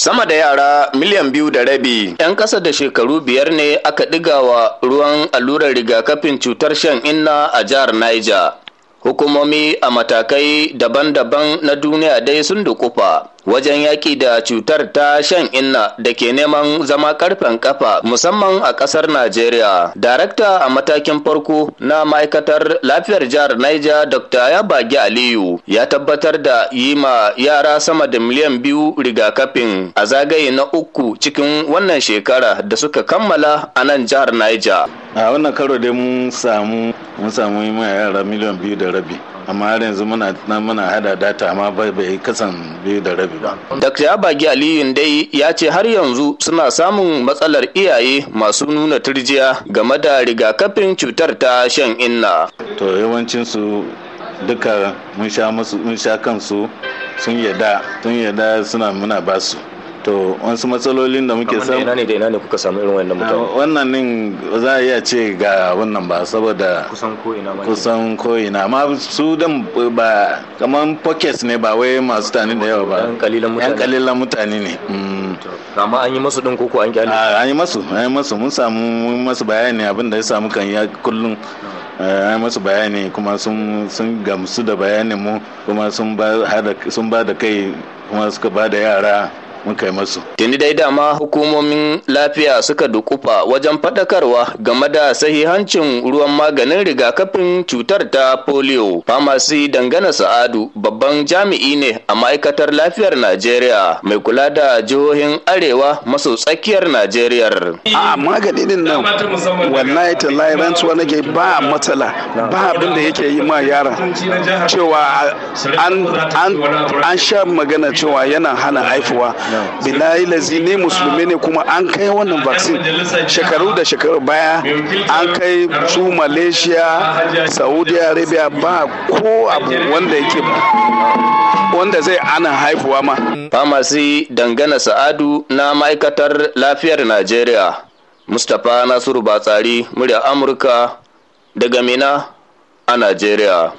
Sama da yara miliyan biyu da rabi 'yan ƙasa da shekaru biyar ne aka ɗigawa ruwan allurar rigakafin cutar shan inna a jihar Niger. Hukumomi a matakai daban-daban na duniya dai sun dukufa wajen yaki da cutar ta shan inna da ke neman zama karfen kafa musamman a ƙasar Najeriya. Darakta a matakin farko na ma'aikatar lafiyar jihar Niger Dr. Yabagi Aliyu ya tabbatar da yi ma yara sama da miliyan biyu rigakafin a zagaye na uku cikin wannan shekara da suka kammala a nan jihar Niger. A wannan karo dai mun samu mun samu yara miliyan biyu da rabi. amma har yanzu muna muna hada data amma bai bai kasan biyu da rabi ba Dr. Abagi Aliyu dai ya ce har yanzu suna samun matsalar iyaye masu nuna turjiya game da rigakafin cutar ta shan inna to yawancin su duka mun sha kansu sun yada sun yada suna muna basu to wasu matsalolin da muke samu wannan ne da ina ne kuka samu irin wannan mutane ah, wannan nin za a iya ce ga wannan ba saboda kusan ko ina ma kusan ko ina amma su dan ba kaman pockets ne ba wai masu tani da yawa ba yan kalilan mutane ne mm. amma an yi masu din koko an kyale ah, an yi masu an yi masu mun samu masu bayani abin da ya samu kan ya kullum ah. eh, an masu bayani kuma sun gamsu da bayanin mu kuma sun ba da kai kuma suka ba da yara mun kai masu. Tuni dai dama hukumomin lafiya suka dukufa wajen faɗakarwa game da sahihancin ruwan maganin rigakafin cutar ta polio. Famasi dangana sa'adu babban jami'i ne a ma'aikatar lafiyar Najeriya mai kula da jihohin arewa maso tsakiyar Najeriya. A magani din nan wallahi tallahi rantsuwa nake ba matsala ba abin da yake yi ma yara cewa an sha magana cewa yana hana haifuwa billahi lazi ne musulmi ne kuma an kai wannan vaccine shekaru da shekaru baya an kai su malaysia saudi arabia ba ko abu wanda yake wanda zai ana haifuwa ma famasi dangana sa'adu na ma'aikatar lafiyar nigeria mustapha nasiru batsari murya amurka daga mina a nigeria.